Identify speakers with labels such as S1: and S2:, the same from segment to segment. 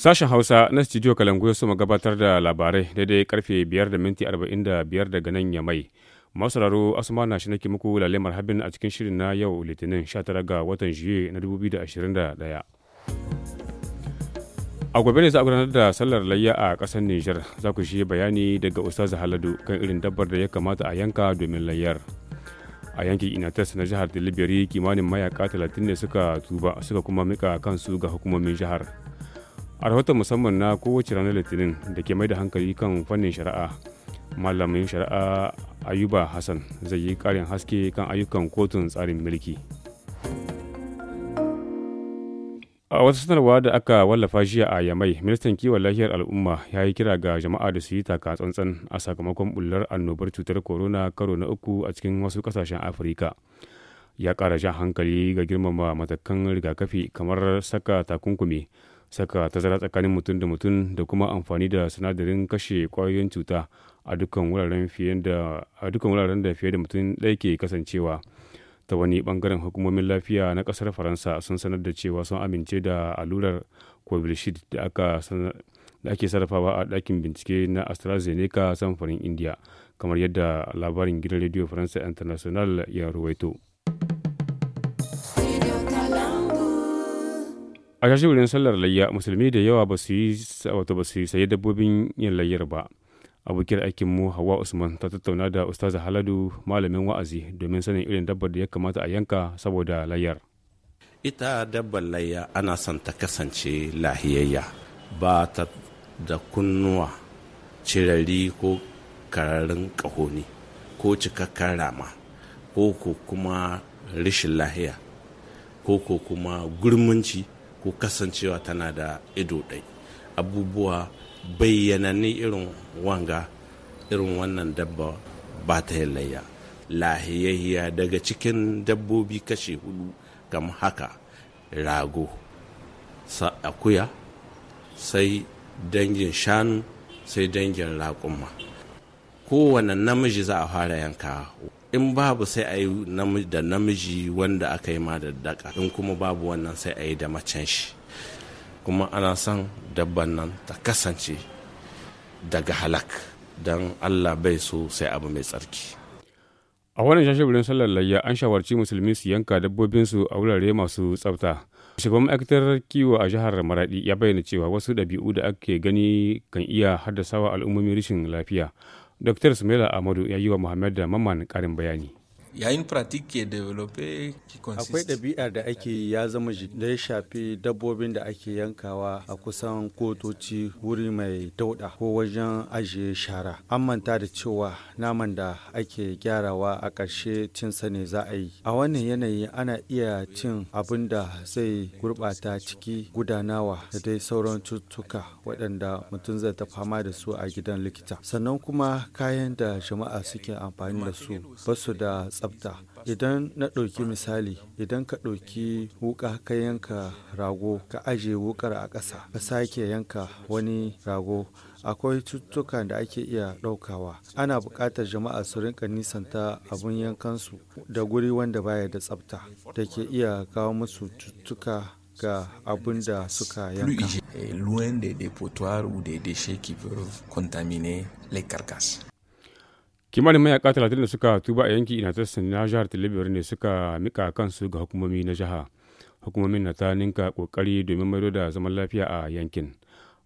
S1: Sashen Hausa na Studio Kalangu ya gabatar da labarai daidai karfe 5 da minti 45 daga nan ya mai. Masararo Asuma na shi nake muku lalemar habin a cikin shirin na yau Litinin 19 ga watan Juye na 2021. A gobe ne za a gudanar da sallar layya a ƙasar Nijar za ku shi bayani daga Ustaz Haladu kan irin dabbar da ya kamata a yanka domin layyar. a yankin inatas na jihar dilibiri kimanin mayaka 30 ne suka tuba suka kuma mika kansu ga hukumomin jihar. a rahoton musamman na kowace ranar litinin da ke mai da hankali kan fannin shari'a malamin shari'a ayuba hassan zai yi karin haske kan ayyukan kotun tsarin mulki a wata sanarwa da aka wallafa jiya a yamai ministan kiwon lafiyar al'umma ya yi kira ga jama'a da su yi taka tsantsan a sakamakon bullar annobar cutar corona karo na uku a cikin wasu kasashen afirka ya kara shan hankali ga girmama matakan rigakafi kamar saka takunkumi saka tazara tsakanin mutum da mutum da kuma amfani da sinadarin kashe kwayoyin cuta a dukkan wuraren da a da fiye da mutum ɗaya ke kasancewa ta wani bangaren hukumomin lafiya na ƙasar faransa sun sanar da cewa sun amince da allurar covid da aka da ake sarrafawa a ɗakin bincike na astrazeneca samfurin india kamar yadda labarin gidan rediyo faransa international ya ruwaito. a wurin sallar layya musulmi da yawa ba su yi saye dabbobin yin layyar ba abokiyar aikin mu hawa usman ta tattauna da ustaza haladu malamin wa'azi domin sanin irin dabbar da ya kamata a yanka saboda layyar
S2: ita dabbar layya ana son ta
S1: kasance lahiyayya ba ta
S2: da kunnuwa cirari ko kararin kahoni ko cikakkar rama ko ko kuma rishin lahiya ko ko kuma gurminci ko kasancewa tana da ido ɗai abubuwa ne irin wanga irin wannan dabba ba ta layya lahiyayya daga cikin dabbobi kashe hudu kamar haka rago akuya sai dangin shanu sai dangin raƙuma kowane namiji za a fara yanka in babu sai a yi da namiji wanda aka yi ma da daka in kuma babu wannan sai a yi da macen shi kuma ana san dabban nan ta kasance daga halak don allah bai so sai abu mai tsarki
S1: a wannan shashabirin sallar layya an shawarci musulmi su yanka dabbobin su a wurare masu tsafta shugaban ma'aikatar kiwo a jihar maradi ya bayyana cewa wasu ɗabi'u da ake gani kan iya haddasawa al'ummomi rashin lafiya Dr. Sumela Amadu ya yi wa Muhammad da Mamman ƙarin bayani.
S3: yayin pratik ke develope ki akwai ɗabi'ar da ake ya zama da ya shafi dabbobin da ake yankawa a kusan kotoci wuri mai dauɗa ko wajen ajiye shara an manta da cewa naman da ake gyarawa a ƙarshe cin sa ne za a yi a wannan yanayi ana iya cin abin da zai gurɓata ciki gudanawa da dai sauran cututtuka waɗanda mutum zai ta fama da su a gidan likita sannan kuma kayan da jama'a suke amfani da su ba su da tsafta idan na ɗauki misali idan ka ɗauki wuka ka yanka rago ka aje wukar a ƙasa ka sake yanka wani rago akwai cututtuka da ake iya ɗaukawa ana buƙatar jama'a su rinka nisanta abun yankansu da guri wanda baya da tsafta da ke iya kawo musu cututtuka ga abun da suka yanka. Eh,
S1: kimanin mayaka talatin da suka tuba a yankin inatarsa na jihar talibiyar ne suka mika kansu ga hukumomi na jiha hukumomin na ta ninka kokari domin maido da zaman lafiya a yankin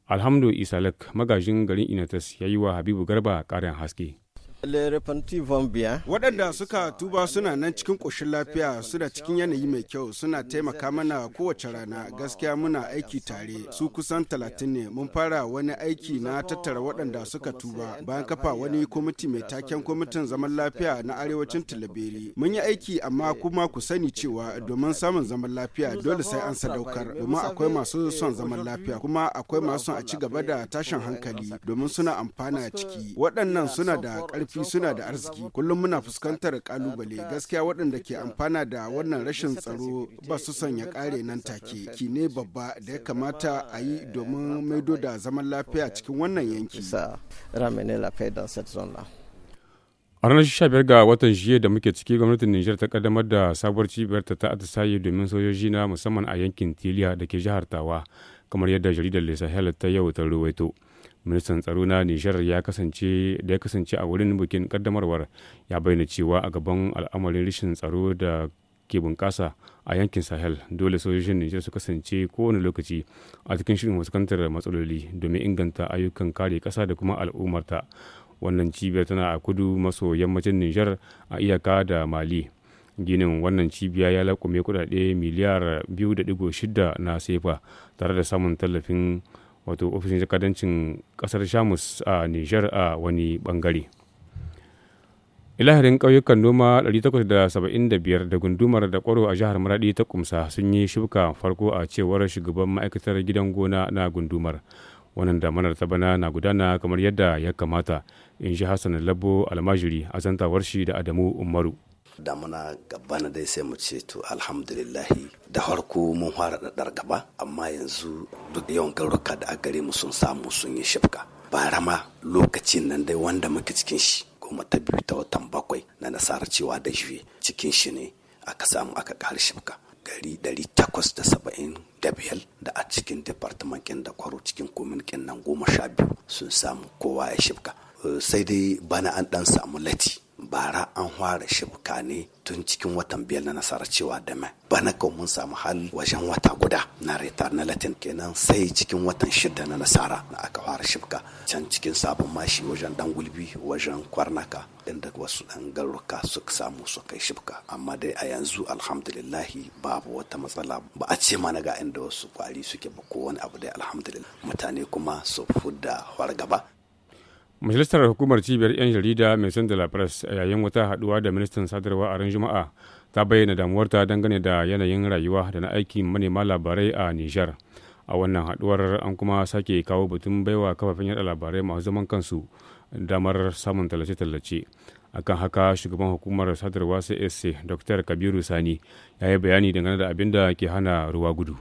S1: alhamdu isalak magajin garin inatas ya yi wa habibu garba karin haske
S3: waɗanda suka tuba suna nan cikin ƙoshin lafiya suna cikin yanayi mai kyau suna taimaka mana kowace rana gaskiya muna aiki tare su kusan talatin ne mun fara wani aiki na tattara waɗanda suka tuba bayan kafa wani kwamiti mai taken kwamitin zaman lafiya na arewacin talabiri mun yi aiki amma kuma ku sani cewa domin samun zaman lafiya dole sai an sadaukar domin akwai masu son zaman lafiya kuma akwai masu a ci gaba da tashin hankali domin suna amfana ciki waɗannan suna da ƙarfi tallafi suna da arziki kullum muna fuskantar kalubale gaskiya waɗanda ke amfana da wannan rashin tsaro ba su sanya kare nan take ki ne babba da ya kamata a yi domin maido da zaman lafiya cikin wannan yanki a ranar
S1: 15 ga watan jiya da muke ciki gwamnatin niger ta kaddamar da sabuwar cibiyar ta ta atisaye domin sojoji na musamman a yankin tiliya da ke jihar tawa kamar yadda jaridar Sahel ta yau ta ruwaito. Ministan tsaro na Nijar ya kasance da ya kasance a wurin bikin kaddamarwar ya bayyana cewa a gaban al'amarin rashin tsaro da ke bunƙasa a yankin sahel dole sojojin nijar su kasance kowane lokaci a cikin shirin fuskantar matsaloli domin inganta ayyukan kare ƙasa da kuma al'ummarta wannan cibiyar tana a kudu maso yammacin nijar a iyaka da mali ginin wannan cibiya ya laƙume kudade miliyar 2.6 na sefa tare da samun tallafin wato ofishin jakadancin kasar shamus a niger a wani bangare ilahirin ƙauyukan noma 875 da gundumar da kwaro a jihar maradi ta kumsa sun yi shuka farko a cewar shugaban ma'aikatar gidan gona na gundumar wannan damanar ta bana na gudana kamar yadda ya kamata in ji hassan labo almajiri a zantawar shi da adamu umaru
S4: da muna gaba na dai sai mu ce to alhamdulillahi da harko mun fara daɗar gaba amma yanzu duk yawan garuka da a gare mu sun samu sun yi shifka bara ma lokacin nan dai wanda muke cikin shi kuma ta biyu ta watan bakwai na nasarar cewa da juye cikin shi ne aka samu aka kare shifka gari ɗari takwas da saba'in da biyar da a cikin kin da kwaro cikin kominkin nan goma sha biyu sun samu kowa ya shifka eh, sai dai bana an dan samu lati bara an fara shibka ne tun cikin watan biyar na nasara cewa da mai bana kan mun samu hal wajen wata guda na retar na latin kenan sai cikin watan shida na nasara na aka fara shibka can cikin sabon mashi wajen dan gulbi wajen kwarnaka inda wasu dan garuka suka samu su kai shibka amma dai a yanzu alhamdulillahi babu wata matsala ba a ce mana ga inda wasu kwari suke ba ko wani abu dai alhamdulillah mutane kuma su fudda fargaba
S1: majalisar hukumar cibiyar 'yan jarida mai san da la press a yayin wata haduwa da ministan sadarwa a ran juma'a ta bayyana damuwarta dangane da yanayin rayuwa da na aikin manema labarai a nijar a wannan haduwar an kuma sake kawo batun baiwa kafafen yada labarai masu zaman kansu damar samun tallace-tallace akan haka shugaban hukumar sadarwa csc dr kabiru sani ya yi bayani dangane da abin da ke hana ruwa gudu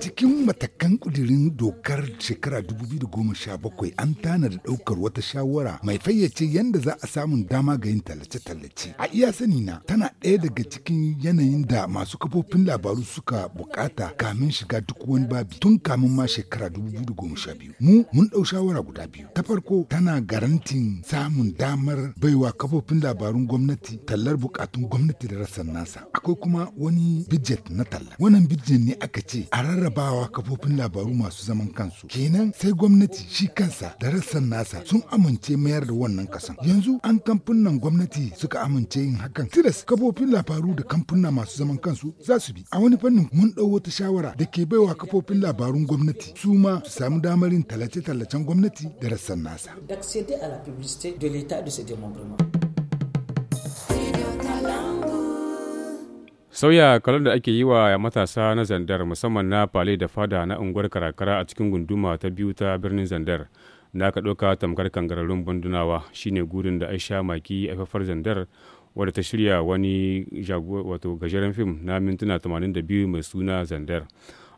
S5: Cikin matakan
S1: kudirin dokar
S5: shekara 2017 an tana da daukar wata shawara mai fayyace yadda za a samu dama ga yin tallace-tallace. A iya sani na tana ɗaya daga cikin yanayin da masu kafofin labaru suka bukata kamin shiga duk wani babi tun kamin ma shekara 2012. Mu mun ɗau shawara guda biyu. Ta farko tana garantin samun damar baiwa kafofin labarun gwamnati tallar bukatun gwamnati da rassan nasa. Akwai kuma wani budget na talla. wannan bidiyon ne aka ce a rarrabawa kafofin labaru masu zaman kansu kenan sai gwamnati shi kansa da rassan nasa sun amince mayar da wannan kasan yanzu an kamfunan gwamnati suka amince yin hakan tilas kafofin labaru da kamfuna masu zaman kansu za su bi a wani fannin mun ɗau wata shawara da ke baiwa kafofin labarun gwamnati su ma su samu damar tallace-tallacen gwamnati da rassan nasa.
S3: D'accéder à la publicité de l'état de ses
S6: démembrements.
S1: Sauya kalar da ake yi wa matasa na Zandar musamman na Fale da Fada na unguwar Karakara a cikin gunduma ta biyu ta birnin Zandar. Na ka ɗauka tamkar kangararrun bandunawa shine gurin da Aisha Maki a Zandar wadda ta shirya wani wato gajeren fim na mintuna 82 mai suna Zandar.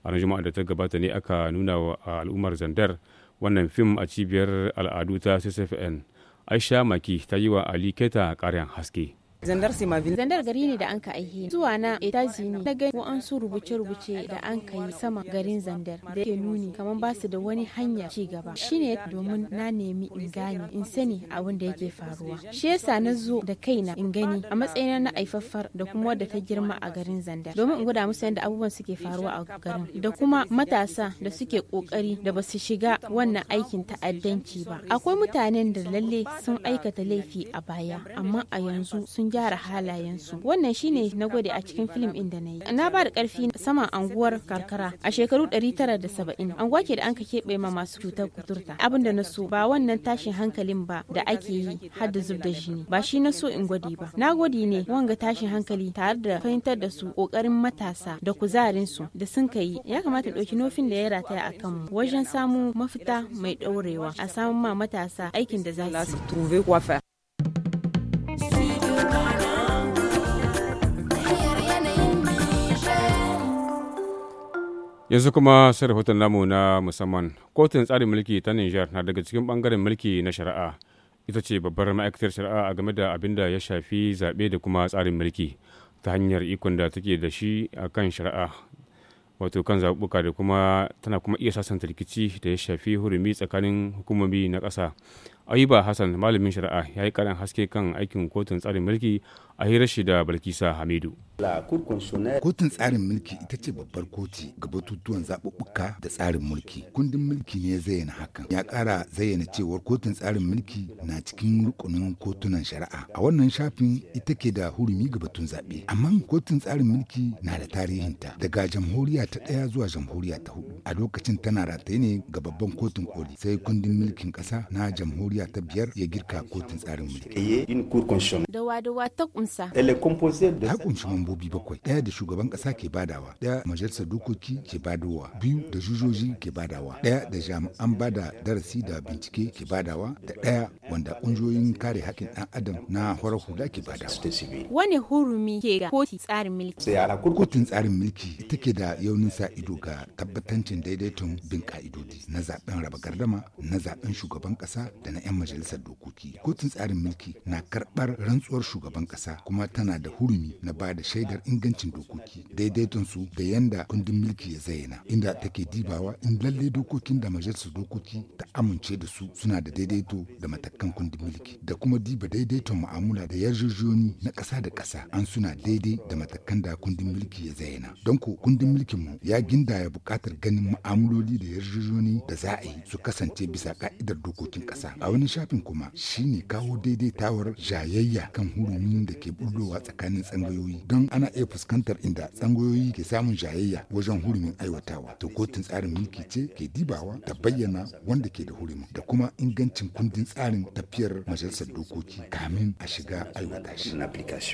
S1: A ranar juma'a da ta gabata ne aka nuna wa al'ummar Zandar wannan fim a cibiyar al'adu ta CCFN. Aisha Maki ta yi wa Ali Keta ƙarin haske.
S7: Zandar Zandar gari ne da an ka aihe. Zuwa na etaji ne na gani wa'ansu rubuce-rubuce da an ka yi sama garin Zandar da ke nuni kamar ba su da wani hanya ci gaba. Shi ne domin na nemi in gane in sani abin da yake faruwa. Shi yasa na zo da kaina in gani a matsayin na aifaffar da kuma wadda ta girma a garin Zandar. Domin in gwada musu yadda abubuwan suke faruwa a garin da kuma matasa da suke kokari da ba su shiga wannan aikin ta'addanci ba. Akwai mutanen da lalle sun aikata laifi a baya amma a yanzu sun gyara halayensu wannan shine na gode a cikin film ɗin da na yi na ba da karfi saman anguwar karkara a shekaru 970 anguwa ke da an ka keɓe ma masu cutar kuturta abin da na so ba wannan tashin hankalin ba da ake yi har da zub da ne. ba shi na so in gwade ba na gode ne wanga tashin hankali tare da fahimtar da su ƙoƙarin matasa da kuzarinsu da sun ka yi ya kamata ɗauki nofin da ya rataya a kanmu wajen samu mafita mai ɗaurewa a samun ma matasa aikin da za su
S1: yanzu kuma sai rahoton namu na musamman kotun tsarin mulki ta niger na daga cikin bangaren mulki na shari'a ita ce babbar ma'aikatar shari'a a game da abin da ya shafi zaɓe da kuma tsarin mulki ta hanyar ikon da take da shi a kan shari'a wato kan zaɓuɓɓuka da kuma tana kuma iya sasanta rikici da ya shafi hurumi tsakanin hukumomi na ƙasa ayuba hassan malamin shari'a ya yi ƙaran haske kan aikin kotun tsarin mulki a hira shi da Balkisa Hamidu.
S5: Kotun tsarin mulki ita ce babbar koti ga batutuwan zaɓuɓɓuka da tsarin mulki. Kundin mulki ne ya zayyana hakan. Ya ƙara zayyana cewar kotun tsarin mulki na cikin rukunin kotunan shari'a. A wannan shafin ita ke da hurumi ga batun zaɓe. Amma kotun tsarin mulki na da tarihinta daga jamhuriya ta ɗaya zuwa jamhuriya ta hudu. A lokacin tana rataye ne ga babban kotun koli sai kundin mulkin ƙasa na jamhuriya ta biyar ya girka kotun tsarin mulki.
S7: Dawa-dawa ta kansa.
S5: Ta kunshi mambobi bakwai, ɗaya da shugaban ƙasa ke badawa, ɗaya majalisar dokoki ke badawa, biyu da jujoji ke badawa, ɗaya da jami'an bada darasi da bincike ke badawa, da ɗaya wanda ƙungiyoyin kare haƙƙin ɗan adam na horar hula ke badawa.
S7: Wani hurumi ke ga kotun tsarin
S5: mulki? Kotun tsarin mulki ita ke da yaunin sa ido ga tabbatancin daidaiton bin ka'idodi na zaben raba gardama, na zaben shugaban ƙasa da na 'yan majalisar dokoki. Kotun tsarin mulki na karɓar rantsuwar shugaban ƙasa ƙasa kuma tana da hurumi na ba da shaidar ingancin dokoki daidaiton su da yanda kundin mulki ya zayyana inda take dibawa in lalle dokokin da majalisar dokoki ta amince da su suna da daidaito da matakan kundin mulki da kuma diba daidaiton mu'amala da yarjejiyoni na ƙasa da ƙasa an suna daidai da matakan da kundin mulki ya zayyana don ko kundin mulkin mu ya gindaya buƙatar ganin mu'amaloli da yarjejiyoni da za a yi su kasance bisa ka'idar dokokin ƙasa a wani shafin kuma shine kawo daidaitawar jayayya kan hurumin da ke bullowa tsakanin tsangayoyi don ana iya fuskantar inda tsangayoyi ke samun jayayya wajen hurumin aiwatawa to kotun tsarin mulki ce ke dibawa ta bayyana wanda ke da hurumin da kuma ingancin kundin tsarin tafiyar majalisar dokoki kamin a shiga aiwata shi.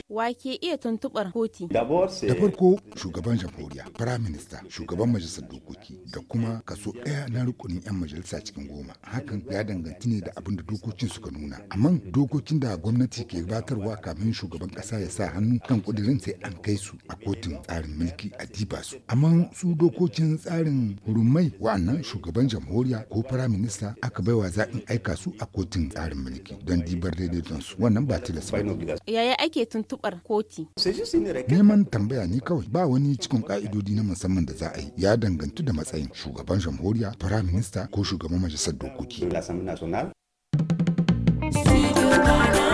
S7: Wa ke iya tuntubar koti? Da
S5: farko shugaban jamhuriya, prime minister shugaban majalisar dokoki da kuma kaso ɗaya na rukunin 'yan majalisa cikin goma. Hakan ya danganci ne da abin da dokokin suka nuna. Amma dokokin da gwamnati ke batarwa kamin shugaban shugaban kasa ya sa hannu kan kudirin sai an kai su a kotun tsarin mulki a diba su. Amma su dokokin tsarin hurumai wa'annan shugaban jamhuriya ko firaminista aka baiwa zaɓin aika su a kotun tsarin mulki don dibar daidaiton su wannan ba tilas ba.
S7: Yaya ake tuntuɓar koti? Neman
S5: tambaya ne kawai ba wani cikin ka'idodi na musamman da za a yi ya dangantu da matsayin shugaban jamhuriya, firaminista ko shugaban majalisar dokoki.
S2: Studio Ghana.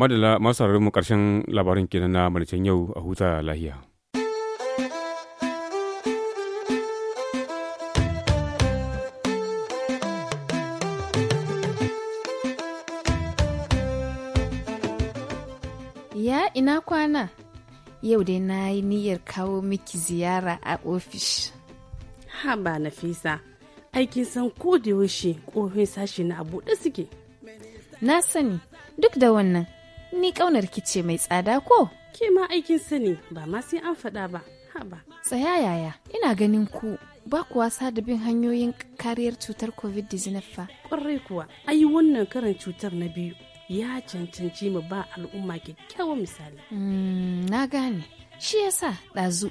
S1: madala masu mu karshen labarin kenan na maricen yau a huta lahiya.
S6: Ya ina kwana? Yau dai na yi niyyar kawo miki ziyara a ofish. na Nafisa, aikin san ko da yaushe ƙofin sashi na abu buɗe suke. Na sani, duk da wannan ni kaunar kice mai tsada ko? Ke ma aikin sani ba ma sai an faɗa ba, haba. Tsaya yaya, ina ganin ku ba ku wasa da bin hanyoyin kariyar cutar COVID-19 fa. Ƙwarai kuwa, ayi wannan karin cutar na biyu ya cancanci mu ba al'umma kyakkyawan misali.
S5: Hmm,
S6: na gane, shi yasa ɗazu